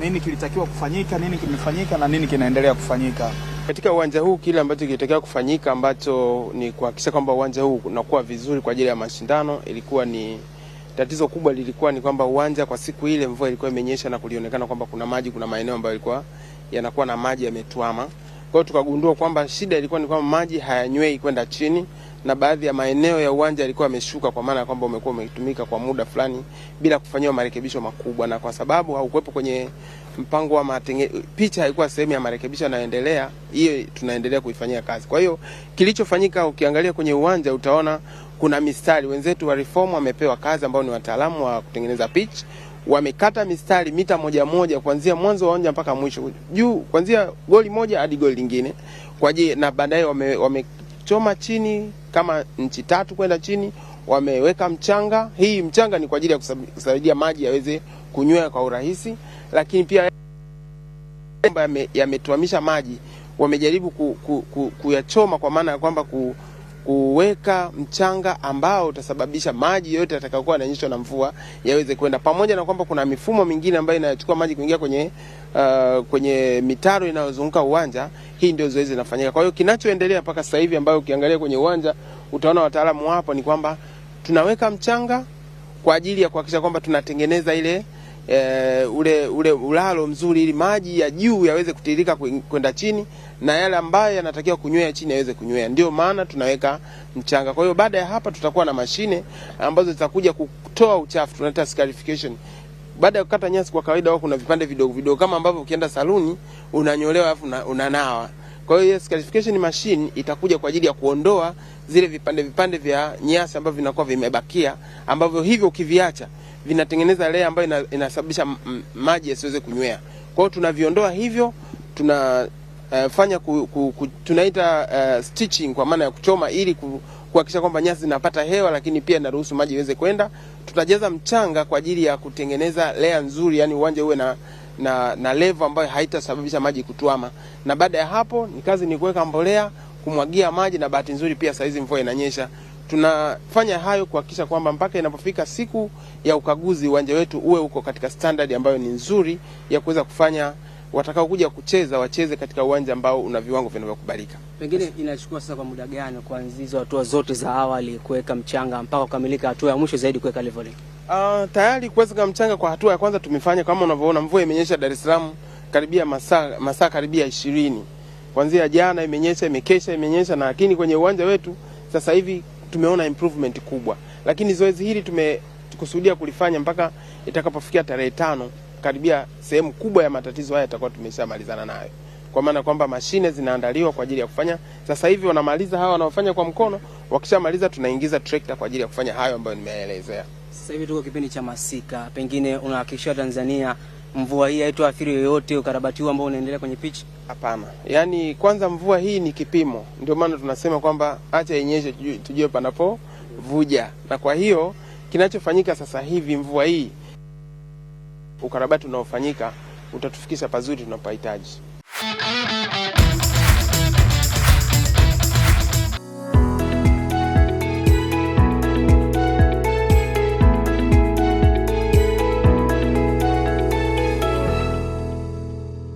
nini kilitakiwa kufanyika, nini kimefanyika na nini kinaendelea kufanyika katika uwanja huu. Kile ambacho kilitakiwa kufanyika ambacho ni kuhakikisha kwamba uwanja huu unakuwa vizuri kwa ajili ya mashindano, ilikuwa ni tatizo kubwa lilikuwa ni kwamba uwanja kwa siku ile mvua ilikuwa imenyesha na kulionekana kwamba kuna maji, kuna maeneo ambayo ilikuwa yanakuwa na maji yametuama. Kwa hiyo tukagundua kwamba shida ilikuwa ni kwamba maji hayanywei kwenda chini na baadhi ya maeneo ya uwanja yalikuwa yameshuka, kwa maana ya kwamba umekuwa umetumika kwa muda fulani bila kufanyiwa marekebisho makubwa, na kwa sababu haukuwepo kwenye mpango wa matenge, picha haikuwa sehemu ya marekebisho yanayoendelea, hiyo tunaendelea kuifanyia kazi. Kwa hiyo kilichofanyika, ukiangalia kwenye uwanja utaona kuna mistari. Wenzetu wa reform wamepewa kazi, ambao ni wataalamu wa kutengeneza pitch, wamekata mistari mita moja moja kuanzia mwanzo wa uwanja mpaka mwisho, juu kuanzia goli moja hadi goli lingine kwa je, na baadaye wamechoma wame chini kama nchi tatu kwenda chini wameweka mchanga. Hii mchanga ni kwa ajili ya kusaidia maji yaweze kunywea kwa urahisi, lakini pia yametuamisha maji wamejaribu ku, ku, ku, kuyachoma kwa maana ya kwamba ku kuweka mchanga ambao utasababisha maji yote yatakayokuwa yananyeshwa na mvua yaweze kwenda, pamoja na kwamba kuna mifumo mingine ambayo inayochukua maji kuingia kwenye uh, kwenye mitaro inayozunguka uwanja. Hii ndio zoezi linafanyika. Kwa hiyo kinachoendelea mpaka sasa hivi, ambayo ukiangalia kwenye uwanja utaona wataalamu wapo ni kwamba tunaweka mchanga kwa ajili ya kuhakikisha kwamba tunatengeneza ile e, ule ule ulalo mzuri, ili maji ya juu yaweze kutiririka kwenda chini na yale ambayo yanatakiwa kunywea chini yaweze kunywea. Ndio maana tunaweka mchanga. Kwa hiyo baada ya hapa tutakuwa na mashine ambazo zitakuja kutoa uchafu, tunaita scarification. Baada ya kukata nyasi kwa kawaida, wao kuna vipande vidogo vidogo kama ambavyo ukienda saluni unanyolewa alafu unanawa. Kwa hiyo yes, scarification machine itakuja kwa ajili ya kuondoa zile vipande vipande vya nyasi ambavyo vinakuwa vimebakia, ambavyo hivyo ukiviacha vinatengeneza lea ambayo ina, inasababisha maji yasiweze kunywea. Kwa hiyo tunaviondoa hivyo, tunafanya eh, uh, ku, ku, ku, tunaita uh, stitching kwa maana ya kuchoma ili ku, kuhakikisha kwamba nyasi zinapata hewa, lakini pia inaruhusu maji iweze kwenda. Tutajaza mchanga kwa ajili ya kutengeneza lea nzuri, yani uwanja uwe na na, na levo ambayo haitasababisha maji kutuama, na baada ya hapo ni kazi ni kuweka mbolea, kumwagia maji, na bahati nzuri pia saizi mvua inanyesha tunafanya hayo kuhakikisha kwamba mpaka inapofika siku ya ukaguzi uwanja wetu uwe uko katika standard ambayo ni nzuri ya kuweza kufanya watakaokuja kucheza wacheze katika uwanja ambao una viwango vinavyokubalika. Pengine inachukua sasa kwa muda gani kuanzia hatua zote za awali kuweka mchanga mpaka kukamilika hatua ya mwisho zaidi kuweka level? Uh, tayari kuweka mchanga kwa hatua ya kwanza tumefanya, kama unavyoona mvua imenyesha Dar es Salaam karibia masaa masaa karibia ishirini kuanzia jana, imenyesha imekesha, imenyesha, lakini kwenye uwanja wetu sasa hivi tumeona improvement kubwa, lakini zoezi hili tumekusudia kulifanya mpaka itakapofikia tarehe tano, karibia sehemu kubwa ya matatizo haya yatakuwa tumeshamalizana nayo, kwa maana kwamba mashine zinaandaliwa kwa ajili ya kufanya. Sasa hivi wanamaliza hawa wanaofanya kwa mkono, wakishamaliza tunaingiza trekta kwa ajili ya kufanya hayo ambayo nimeelezea. Sasa hivi tuko kipindi cha masika, pengine unahakikishia Tanzania mvua hii haitoathiri yoyote ukarabati huu ambao unaendelea kwenye pitch? Hapana, yaani kwanza mvua hii ni kipimo, ndio maana tunasema kwamba acha yenyeje tujue panapo vuja, na kwa hiyo kinachofanyika sasa hivi mvua hii, ukarabati unaofanyika utatufikisha pazuri tunapohitaji.